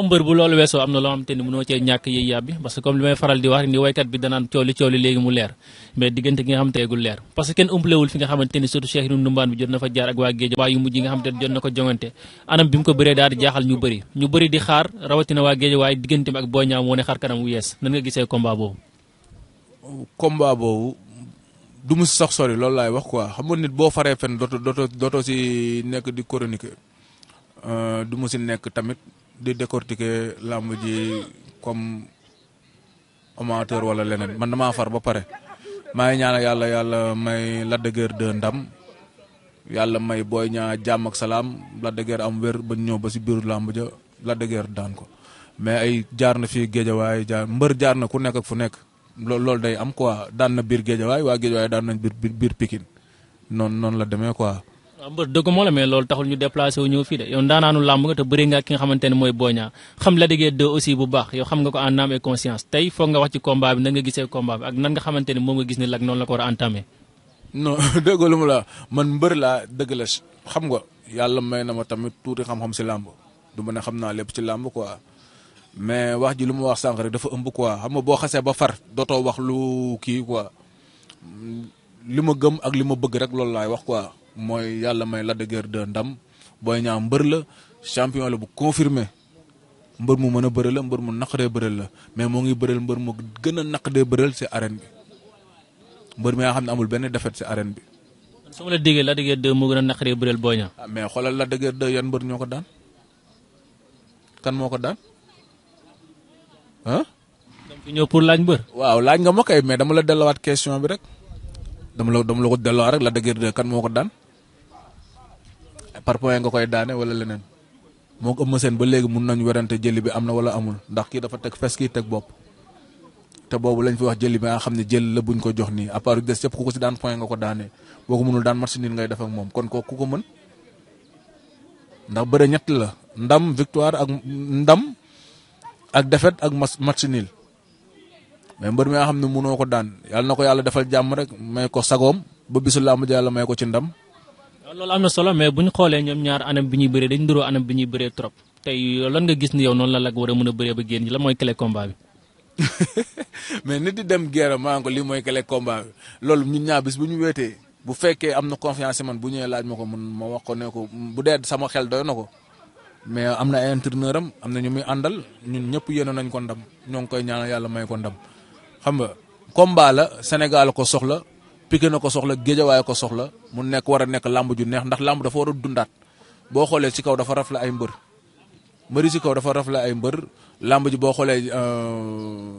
am mbër bu loolu weesoo amna lo loo xam te ni mënoo cee ñàkk yiy parce que comme limay faral di wax ni kat bi danaan cioli cioli léegi mu leer mais digënté gi nga xam gu leer parce que kenn wul fi nga xamante ni surtout Cheikh ibn Ndumbaan bi jot na fa jaar ak wa géej ba yu mujj nga xam te jot na ko jongante anam bi mu ko bëré daal di jaaxal ñu bëri ñu bëri di xaar rawati na wa waaye way mi ak Boy Niang moo ne xar kanam wu yes nan nga gisé combat boobu combat boobu du mu sax sori loolu lay wax quoi xam nga nit bo faré fen doto doto doto si nek di euh du mu si nek tamit di décortiquer làmb ji comme amateur wala leneen man damaa far ba pare maa ngi ñaan yàlla yàlla may Lac de Guiers ndam yàlla may booy ñaa jàmm ak salaam Lac de am wér ba ñëw ba si biir làmb ja Lac de daan ko mais ay jaar na fii géejawaay jaar mbër jaar na ku nekk ak fu nekk loolu loolu day am quoi daan na biir géejawaay waa géejawaay daan nañ biir biir Pikine noonu noonu la demee quoi. mbeur deug mo la mais lolou taxul ñu déplacer wu ñew fi de yow ndanaanu lamb nga te beure nga ki nga xamantene moy boña xam la déggé deux aussi bu baax yow xam nga ko en âme et conscience tay fo nga wax ci combat bi nan nga gisé combat bi ak nan nga xamantene mom nga gis ni lak non la ko wara non deug la man mbeur la deug la xam nga yalla may na ma tamit touti xam xam ci lamb du mëna xam na lepp ci lamb quoi mais wax ji lu mu wax sank rek dafa ëmb quoi xam nga ba far dootoo wax lu ki quoi mm, li gëm ak li bëgg rek loolu wax quoi moy yalla may Lac de Guiers 2 ndam Boy Niang mbeur la champion la bu confirmer mbeur mu meuna beurel la mbeur mu naqadee beurel la mais mo ngi beurel mbeur mu gëna a naqadee bëril si arène bi mbeur mi nga xamne amul benn défaite ci arène bi. su ma la déggee de mo gëna moo beurel Boy Niang. Ah, mais xoolal Lac de Guiers 2 yan mbeur ñoko daan kan moko daan hein dam fi ñëw pour lañ mbeur waaw lañ nga mo kay mais dama la delawat question bi rek dama la dama la ko delluwaat rek Lac de Guiers 2 kan moko daan par point nga koy daane wala leneen moko ko ëmm seen ba léegi mun nañu werante jëli bi am wala amul ndax kii dafa teg fes kii teg bopp te boobu lañ fi wax jëli bi nga xam ne jël la buñ ko jox nii à part des yëpp ku ko si daan point nga ko daanee boo ko mënul daan nit ngay def ak moom kon kooku ku ko mën ndax bëre ñett la ndam victoire ak ndam ak defet ak match nil mais mbeur mi nga xam mënoo ko daan yalla nako yalla yàlla defal jam rek may ko sagom ba bisu làmb ji may ko ci ndam loolu am na solo mais bu ñu xoolee ñoom ñaar anam bi ñuy bëree dañ nduroo anam bi ñuy bëree trop tey lan nga gis ni yow noonu la lag war a mën a bëree ba génn la mooy clé combat bi. mais nit di dem guerre lii mooy clé combat loolu ñun ñaar bis bu ñu weetee bu fekkee am na confiance man bu ñëwee laaj ma ko mun ma wax ko ne ko bu dee sama xel doy na ko mais am na ay am am na ñu muy àndal ñun ñëpp yéene nañ ko ndam ñoo koy ñaanal yàlla may ko ndam xam nga la Sénégal ko soxla. piqué na ko soxla géejawaay ko soxla mu nekk war a nekk làmb ju neex ndax làmb dafa war a dundaat boo xoolee si kaw dafa rafle ay mbër mbëri ci kaw dafa rafle ay mbër làmb ji boo xoolee euh,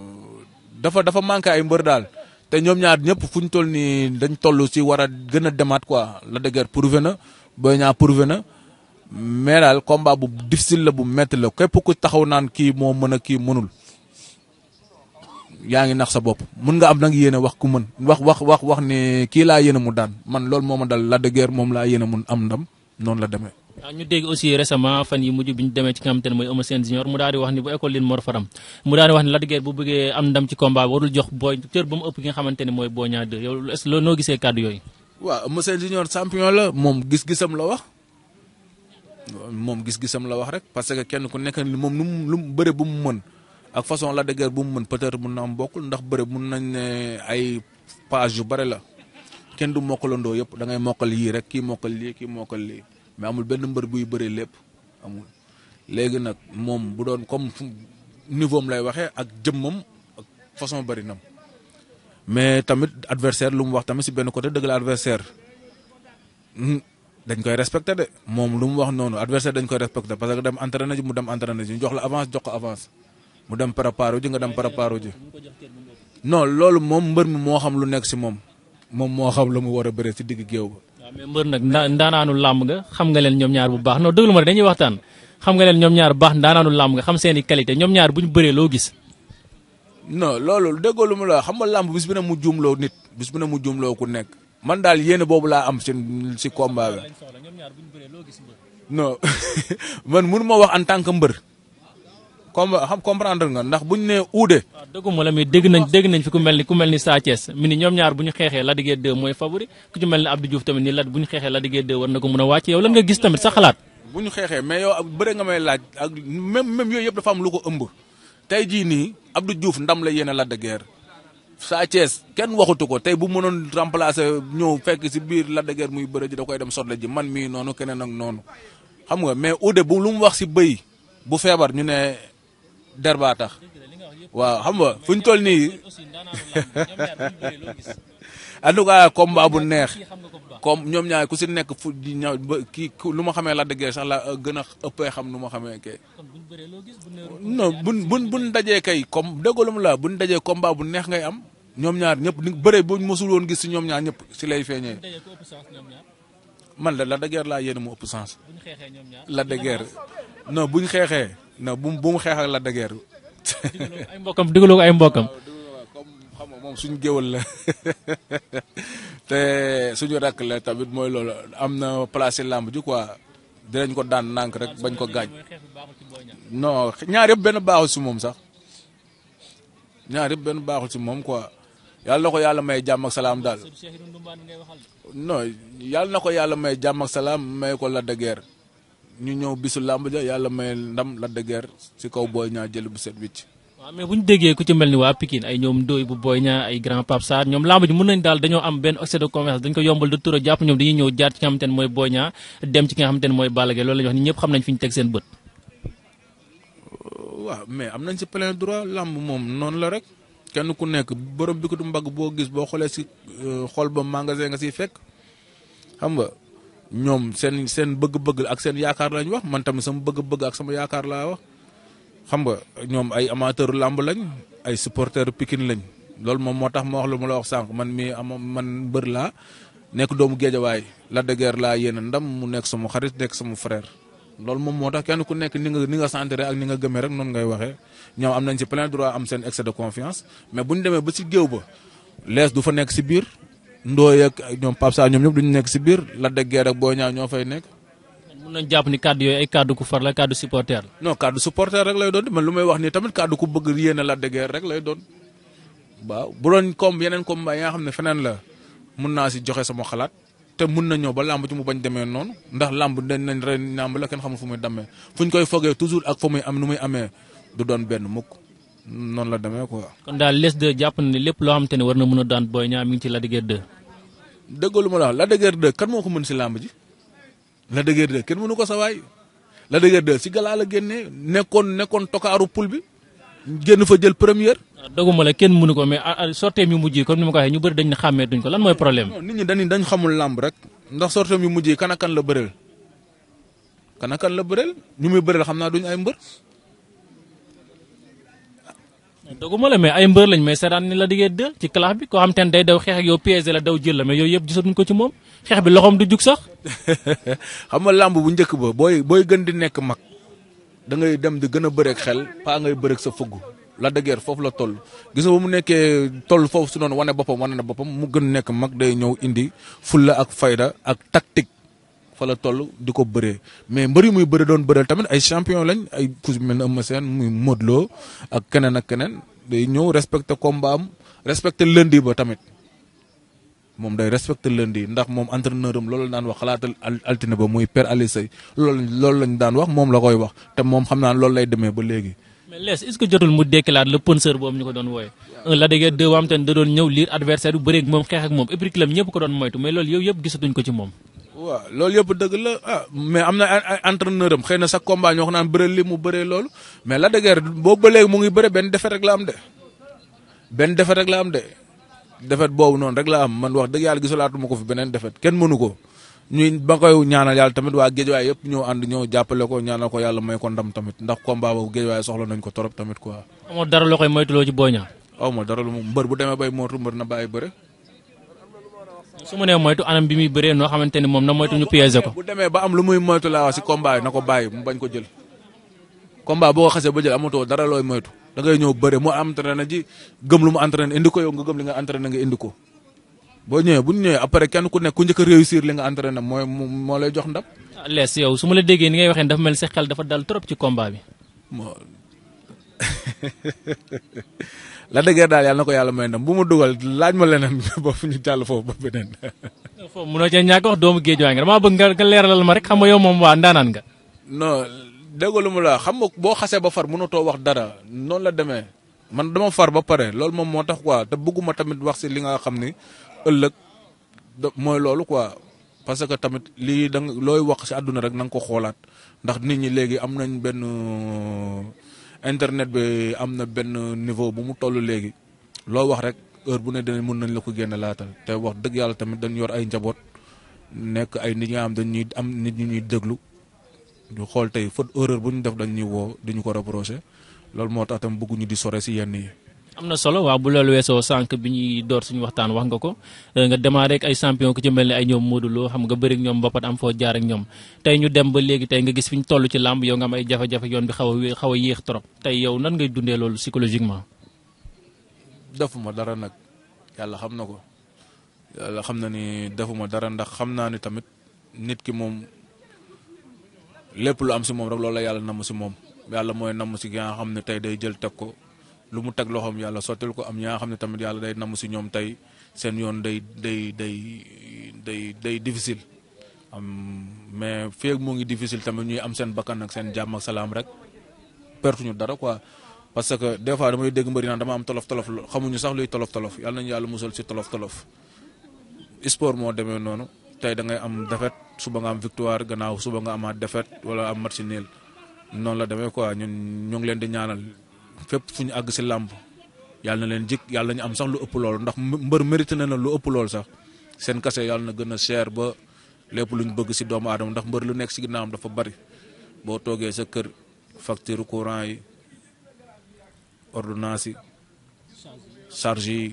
dafa dafa manqué ay mbër daal te ñoom ñaar ñëpp fu ñu toll nii dañ toll si war a gën a demaat quoi la dëgër prouvé na Boy Niang prouvé na mais daal combat bu difficile la bu métti la képp ku taxaw naan kii moo mën a kii mënul. yaangi nax sa bop mën nga am nak yene wax ku mën wax wax wax wax ne ki la yene mu daan man loolu moma dal la guerre mom la yene mu am ndam non la demé ah, ñu dégg aussi récemment fan yi mujj biñu démé ci nga xamante moy Omar Sen junior mu daari wax ni bu école lin mor faram mu daari wax ni la de guerre bu bëggé am ndam ci combat warul jox boy cër bu mu ëpp gi nga xamantene moy boña Boy 2 yow est lo no gisé kàddu yoy wa Omar Sen junior champion la mom gis-gisam la wax mom gis-gisam la wax rek parce que kenn ku nekk moom lu lu bëre bu mu mën ak façon la dëgër bu mu mën peut être mun na am bokul ndax bëre mun nañ né ay page yu bare la kenn du mokkalandoo yëpp da ngay mokal yi rek ki mokal li ki mokal li mais amul benn mbër buy bëre lepp amul légui nak mom bu doon comme niveau am lay waxé ak jëmmam ak façon bari nam mais tamit adversaire lu mu wax tamit si benn côté deug l'adversaire hmm, dañ koy respecter de mom lu mu wax nonu adversaire dañ koy respecter parce que dem entraîner ji mu dem entraîner ji jox la avance jox ko avance mu dem préparé ji nga dem préparé ji non loolu moom mbër mi moo xam lu nekk si moom moom moo xam lu mu war a bëre si digg géew ba. waaw mais mbër nag ndaanaanu làmb nga xam nga leen ñoom ñaar bu baax no non déglu ma dañuy waxtaan xam nga leen ñoom ñaar bu baax ndaanaanu làmb nga xam seeni i qualité ñoom ñaar bu ñu bëree loo gis. non loolu déggoo lu ma la xam nga làmb bis bi ne mu juumloo nit bis bi ne mu juumloo ku nekk man daal yéene boobu laa am si si combat bi non man mënu ma wax en tant que mbër. comme xam comprendre nga ndax buñ ne uudé ah, dëgguma la mais dégg nañ dégg nañ fi ku mel ku mel Sa Thiès mi ni ñoom ñaar bu ñu xeexee Lac de Guiers favori ku ci mel ni Abdou Diouf tamit ni Lac bu ñu xeexee Lac de Guiers 2 war na Mem mën a wàcc yow lan nga gis tamit sa xalaat bu ñu xeexee mais yow bëre nga may laaj ak même même yooyu yëpp dafa am lu ëmb tey jii nii Abdou Diouf ndam la yéene Lac de Sa Thiès kenn waxatu ko bu mënoon remplacer ñëw fekk si biir Lac de Guiers muy bëre ji da koy dem ji man mi noonu keneen ak noonu xam nga mais uudé bu lu mu wax bëy bu ñu ne der baa tax waaw xam nga fu ñu toll nii en tout cas combat bu neex comme ñoom ñaar ku si nekk fu di ba kii lu ma xamee la dëggee sax la euh, gën a ëppee xam nu ma xamee kay. non bu buñ dajee kay comme déggoolum la buñ dajee combat bu neex ngay am ñoom ñaar ñëpp ni bëre bu mosul woon gis si ñoom ñaar ñëpp si lay feeñee. man la la dëggeer laa yéen mu ëpp sens. la dëggeer non buñ xeexee. na bu bu mu xeex ak Lac de Guiers. ay mbokam digaloo ay mbokam comme xam mom suñu geewal la té suñu rak la tamit moy loolu amna placer lamb ju quoi dinañ ko daan nank rek bañ ko gaaj non ñaar yeb ben baaxu si mom sax ñaar yeb ben baaxu si mom quoi yalla nako yalla may jàmm ak salam dal non yalla nako yalla may jàmm ak salam may ko la de guerre ñu ñëw bisu làmb ja yàlla may ndam Lac de si kaw Boy Niang jël bu set wicc. waa mais bu ñu déggee ku ci mel ni waa Pikine ay ñoom Ndoye bu Boy Niang ay grand Pape Sarr ñoom làmb ji mën nañ daal dañoo am benn excès de confiance dañ ko yombal de tour jàpp ñoom dañuy ñëw jaar ci nga xamante ne mooy Boy Niang dem ci ki nga xamante ne mooy Balla loolu la wax ni ñëpp xam nañ fi ñu teg seen bët. waaw mais am nañ si plein droit làmb moom noonu la rek kenn ku nekk borom bi ko du mbagg boo gis boo xoolee si euh, xool ba magasin nga siy fekk xam ñom sen sen bëgg-bëgg ak sen yaakar lañ wax man tamit sama bëgg-bëgg ak sama yaakar nyom wax xam nga ñom ay amateur lamb lañ ay supporter pikin lañ lool mom motax mo wax lu ma la wax sank man mi am man bër la nek doomu way la de guerre la yéen ndam mu nek sama xarit nek sama frère lool mom motax kenn ku nek ni nga ni nga santere ak ni nga gëmé rek non ngay waxé ñom am nañ ci plein droit am sen excès de confiance mais bu démé ba ci ba les du fa nek ci biir ndooy ak ñoom Pape Sarr ñoom ñëpp duñu nekk si biir Lac de Guiers ak Boy Niang ñoo fay nekk. mën nañu jàpp ni kàddu yooyu ay kàddu ku far la kàddu supporter la. non kàddu supporter rek lay doon man lu may wax nii tamit kàddu ku bëgg yéene Lac de Guiers rek lay doon waaw bu doon comme yeneen combat yi nga xam ne feneen la mun naa si joxe sama xalaat te mun na ñëw ba làmb ci mu bañ demee noonu ndax làmb dañ nañ ren làmb la kenn xamul fu muy demee fu ñu koy fogee toujours ak fu muy am nu muy amee du doon benn mukk non la demee quoi. kon daal les de jàpp ne lépp loo xamante ne war na mën a daan Boy ñaa mi ngi ci la de guerre 2. dëggalu ma la la de guerre 2 kan moo ko mën si làmb ji la de guerre 2 kenn mënu ko sa waay la de guerre 2 si galaa la génnee nekkoon nekkoon tokaaru poule bi génn fa jël première. Ah, doguma la kenn mënu ko mais ah, ah, sorteem mi mujj comme ni ma ko waxee ñu bëri dañ ne xàmmee duñ ko lan mooy problème. nit ñi dañ dañ xamul làmb rek ndax sorteem mi mujj kan ak kan la bëreel kan ak kan la bëreel ñu muy bëreel xam naa duñ ay mbër doguma la mais ay mbeur lañ mais sétane ni la digé de ci clash bi ko xam tane day daw xex ak yow piéger la daw jël la mais yoy yeb ñu ko ci mom xex bi loxom du juk sax xam nga lamb bu ñëk ba boy boy gën di nekk mak da ngay dem di gëna bëre ak xel pa ngay bëre ak sa fugu la deuguer fofu la toll gis nga bu mu nekké toll fofu su non wané bopam wané na bopam mu gën nekk mak day ñew indi fulla ak fayda ak tactique fa la toll diko ko mais mbeuri muy bëre doon bëreel tamit ay champion lañ ay cousu mel na ëmma seen muy modlo ak kenen ak kenen day ñëw respecté combat am respecté lundi ba tamit moom day respecté lundi ndax moom entraîneur am loolu daan wax xalaatal altine ba muy père Aliou Seye loolu lañ daan wax moom la koy wax te moom xam naa loolu lay demee ba léegi. mais lees est-ce que jotul mu déclare le penseur boobu ñu ko doon wooye la dëgg deux waamte da doon ñëw liir adversaire bu bëreeg moom xeex moom et puis club ko doon moytu mais loolu yow yëpp gisatuñ ko ci moom. waaw loolu yëpp dëgg la ah mais am na entraîneur am xëy na sa combat ñu wax naan bëre li mu bëree loolu mais la dëgër boobu ba léegi mu ngi bëre benn defet rek la am de benn defet rek la am de defet boobu noonu rek la am man wax dëgg yàlla gisalaatuma ko fi beneen defet kenn mënu ko ñuy ba koy ñaanal yàlla tamit waa géejuwaay yëpp ñoo ànd ñoo jàppale ko ñaanal ko yàlla may ko ndam tamit ndax combat boobu géejuwaay soxla nañ ko trop tamit quoi. amoo dara loo koy moytuloo ci booña. aw ma dara lu mu mbër bu demee bay mootu mbër na bàyyi bëre su ma nee moytu anam bi muy bëree noo xamante ni moom na moytu ñu piégé ko. bu demee ba am lu muy moytu laa wax si combat yi na ko bàyyi mu bañ boo ko xasee ba jël amatoo dara looy moytu dangay ngay ñëw bëre mu entraîné ji gëm lu mu entraîné indi ko yow nga gëm li nga entraîné nga indi ko. boo ñëwee bu ñu ñëwee après kenn ku nekk ku njëkk a réussir li nga entraîné mooy moo lay jox ndam. Ah, lees yow su ma la déggee ni ngay waxee dafa mel sa xel dafa dal trop ci kombaa bi. la dëgër dal yalla nako yalla may ndam buma duggal dugal laaj ma lenen ba fuñu tall fofu ba benen fofu mu no ñak wax doomu nga dama bëgg nga leralal ma rek xam nga yow mom wa ndanan nga. non déggu lu mu la xam bo xasse ba far to wax dara non la démé man dama far ba paré lool mom motax quoi te bëgguma tamit wax ci li nga xamni ëlëk moy loolu quoi. parce que tamit li da wax ci aduna rek nang ko xolaat ndax nit ñi légui am nañ internet bi am na benn niveau bu mu toll léegi loo wax rek heure bu ne dinañ mun nañ la ko génne laatal te wax dëgg yàlla tamit dañ yor ay njaboot nekk ay nit nga am dañ ñuy am nit ñu ñuy déglu ñu xool tey faute erreur bu ñu def dañ ñuy woo di ñu ko reproché loolu moo tax tam bëgguñu di sore si yenn yi. am na solo waa bu loolu weesoo sànq bi ñuy door suñu waxtaan wax nga ko eh, nga démarré ak ay champion ku ci mel ne ay ñoom Modou Lo xam nga bëri ñoom mbapat am foo jaar ñoom tey ñu dem ba léegi tey nga gis fi ñu toll ci làmb yow nga am ay jafe-jafe yoon bi xaw a xaw a yéex trop tey yow nan ngay dundee loolu psychologiquement. defuma dara nag yàlla xam na ko yàlla xam na ni defuma dara ndax xam naa ni tamit nit ki moom lépp lu am si moom rek loolu la yàlla namm si moom yàlla mooy namm si gi nga xam ne tey day jël teg ko. lu mu teg loxom yàlla sottil ko am ñaa xam ne tamit yàlla day namu si ñoom tey seen yoon day day day day day difficile am mais feeg moo ngi difficile tamit ñuy am seen bakkan ak seen jàmm ak salaam rek pertu ñu dara quoi parce que des fois damay dégg mbëri naan dama am tolof tolof xamuñu sax luy tolof tolof yàlla nañu yàlla musal si tolof tolof sport moo demee noonu tey da ngay am défaite suba nga am victoire gannaaw suba nga amaat défaite wala am match nil noonu la demee quoi ñun ñu ngi leen di ñaanal fep fuñ ag ci si yalla na len jik yalla ñu am sax lu ëpp lool ndax mbeur mérite na lu ëpp lool sax seen kasse yalla na gëna cher ba lepp luñ bëgg ci doomu adam ndax mbeur lu nekk ci ginnaawam dafa bari bo toogee sa kër facture courant yi ordonnance yi charge yi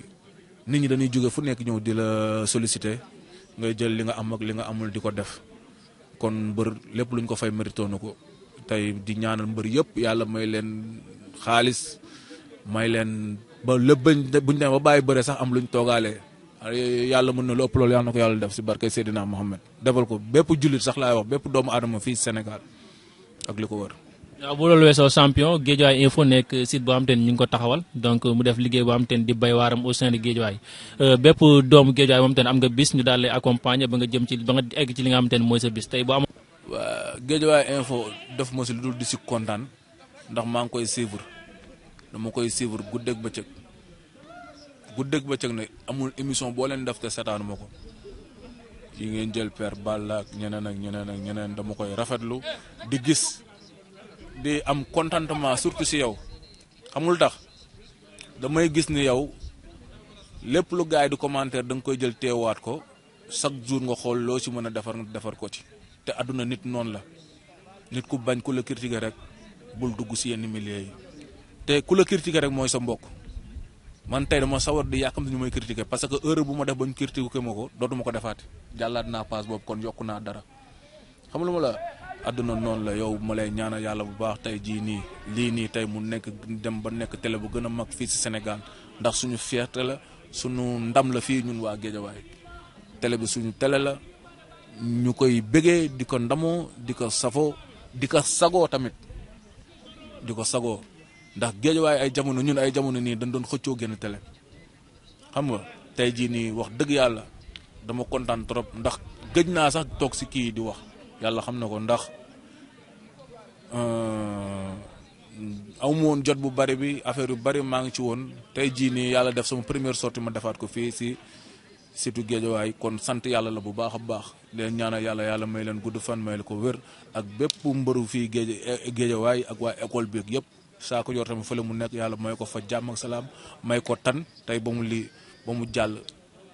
nit ñi dañuy jóge fu nekk ñew di la solliciter ngay jël li nga am ak li nga amul di def kon mbeur lepp luñ ko fay mérite na ko tey di ñaanal mbeur yépp yalla may leen xaalis may leen ba lépp buñ dem ba bàyyi bëre sax am luñ toogaale yàlla mën na lu ëpp loolu yàlla na ko yàlla def si barke Seydina mohammed defal ko bépp jullit sax laay wax bépp doomu aadama fii Sénégal ak li ko wër. waaw bu loolu weesoo champion Guédiawaye info nekk site boo am te ni ñu ngi ko taxawal donc mu def liggéey boo am te di bay waaram au sein de Guédiawaye euh, bépp doomu Guédiawaye am te am nga bis ñu daal lay accompagner ba nga jëm ci ba nga egg ci li nga am te ni mooy sa bis tey boo am. Guédiawaye info def ma si lu dul di si kontaan ndax maa ngi koy suivre dama koy suivre guddeeg bëccëg ba bëccëg nag amul émission boo leen def te seetaanu ma ko yi ngeen jël per Balla ak ñeneen ak ñeneen ak ñeneen dama koy rafetlu di gis di am contentement surtout si yow xamul tax damay gis ni yow lépp lu gars yi di commentaire da nga koy jël teewaat ko chaque jour nga xool loo si mën a defar defar ko ci te àdduna nit noonu la nit ku bañ ku la critiquer rek. bul dugg ci yenn milier yi te ku la critiquer rek mooy sa mbokk man tey dama sawar di yàkkam ñu may critiquer parce que heure bu ma def bañ critiquer moko ko dootuma ko defaati jàllaat naa pass boobu kon yokku naa dara xam lu la aduna non la yow ma lay ñaanal yàlla bu baax tey jii nii lii nii tey mu nekk dem ba nekk télé bu gën a mag fii si Sénégal ndax suñu fierté la suñu ndam la fii ñun waa Géejawaay télé bi suñu télé la ñu koy di ko ndamoo di ko di ko tamit di ko sago ndax géejawaay ay jamono ñun ay jamono nii dañ doon xëccoo génn tele xam nga tey jii nii wax dëgg yàlla dama kontaan trop ndax gëj naa sax toog si kii di wax yàlla xam na ko ndax euh, amu woon jot bu bari bi affaire yu bari maa ngi ci woon tey jii nii yàlla def sama première sortie ma defaat ko fii si situ surtout way kon sant yalla la bu baax a baax leen ñaanal yalla yalla may leen gudd fan may ko wër ak bépp fi fii géej eh, way ak wa école bi yëpp sa ko yor tam fele mu nekk yalla may ko fa jamm ak salam may ko tan tay bamu li bamu jall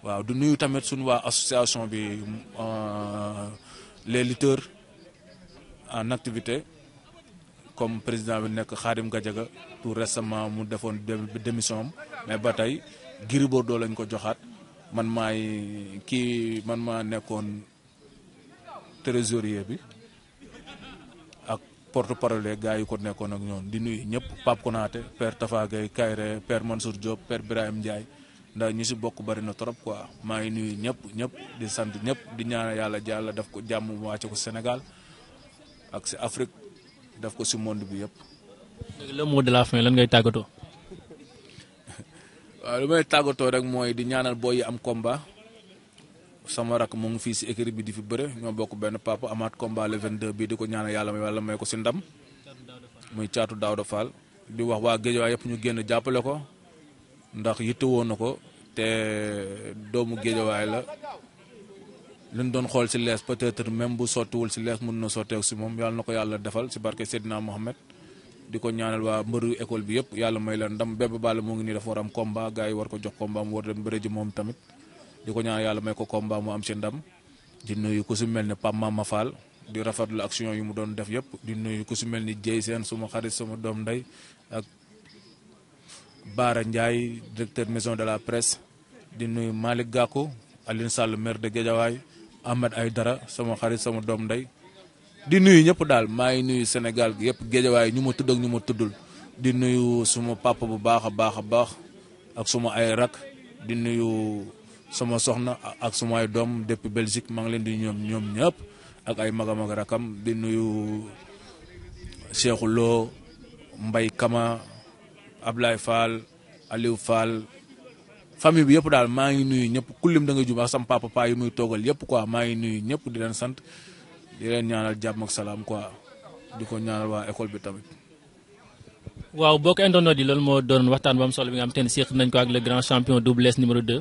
waaw du nuyu tamit sun wa association bi euh, les lutteurs en activité comme président bi nekk Khadim gadjaga tout récemment mu defone démission mais batay lañ ko joxat man maay kii man maa nekkoon trésorier bi ak porte parole gars yi ko nekkoon ak ñoom di nuyu ñëpp Pape Konaté père Tafa Gueye Kayre père Mansour Diop père Birahim Ndiaye ndax ñu si bokk bari na trop quoi maa ngi nuyu ñëpp ñëpp di sant ñëpp di ñaan yàlla jàlla daf ko jàmm wàcce ko Sénégal ak si Afrique daf ko si monde bi yëpp. le mot de la fin lan ngay tàggatoo. waaw lu may tàggatoo rek mooy di ñaanal booy yi am komba sama rakk moom fii si écurie bi di fi bëre ñoo bokk benn papa amaat combat le 22 bi di ko ñaanal yàlla may yàlla may ko si ndam muy caatu Daouda Fall di wax waa géej waa yëpp ñu génn jàppale ko ndax yittewoo na ko te doomu géejawaay la li ñu doon xool si lees peut-être même bu sottiwul si lees mun na sotteeku si moom yàlla na ko yàlla defal si barke Seydina Mohamed di ko ñaanal waa mbëru école bi yëpp yàlla may la ndam bépp bàll mu ngi nii dafa war am combat gars yi war ko jox combat mu war dem bëre moom tamit di ko ñaanal yàlla may ko combat mu am ci ndam di nuyu ko su mel ne Pape Mama Fall di rafetlu action yi mu doon def yëpp di nuyu ko su mel ni Dieye seen suma xarit suma doom ndey ak Baara Ndiaye directeur maison de la presse di nuyu Malick Gakou Aline Sall maire de Guédiawaye Ahmed dara sama xarit sama doom ndey di nuyu ñëpp daal maa ngi nuyu Sénégal gi yëpp géejawaay ñu ma tudd ñu ma tuddul di nuyu suma papa bu baax a baax a baax ak suma ay rak di nuyu sama soxna ak suma ay doom depuis Belgique maa ngi leen di ñoom ñoom ñëpp ak ay magam ak rakam di nuyu Cheikhou Lo Mbaye Kama Ablaye Fall Aliou Fall famille bi yëpp daal maa ngi nuyu ñëpp kullim da nga jum sama papa paa yi muy toogal yëpp quoi maa ngi nuyu ñëpp di leen sant di leen ñaanal jàmm ak salaam quoi di ko ñaanal waa école bi tamit. waaw boo ko indoon di loolu moo doon waxtaan bu am bi nga xam te ne nañ ko ak le grand champion Double numéro 2.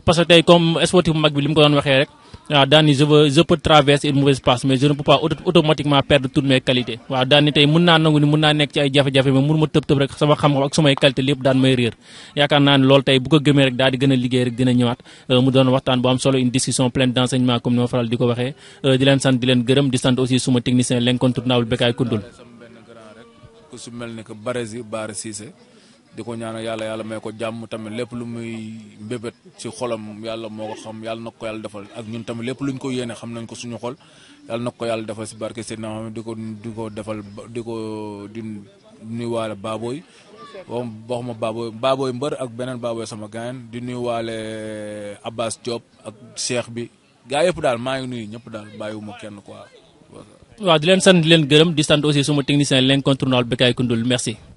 parce tey comme sportif mag bi li mu ko doon waxee rek waaw daan ni je veux je peux traverser une mais je ne peux pas automatiquement perdre toutes mes qualités waaw daan tey mun naa nangu ni mun naa nekk ci ay jafe-jafe mais mun ma tëb tëb rek sama xam-xam ak samay qualité lépp daan may réer yaakaar naa ne loolu tey bu ko gëmee rek daal di gën liggéey dina ñëwaat euh, mu doon waxtaan bu am solo une discussion pleine d'enseignement comme di ko ñaanal yàlla yàlla may ko jàmm tamit lépp lu muy mbébét si xolam yàlla moo ko xam yàlla na ko yàlla defal ak ñun tamit lépp lu luñ ko yéene xam nañ ko suñu xol yàlla na ko yàlla defal si barke Seydina di ko di ko defal di ko di nuyuwaale Baboy wax ma Baboy Baboy mbër ak beneen Baboy sama gaayen di nuyuwaale Abbas Diop ak Cheikh bi gaa yëpp daal maa ngi nuyu ñëpp daal bàyyiwuma kenn quoi. waaw di leen sant di leen gërëm di sant aussi suma technicien l'incontournable Bekay Koundoul merci.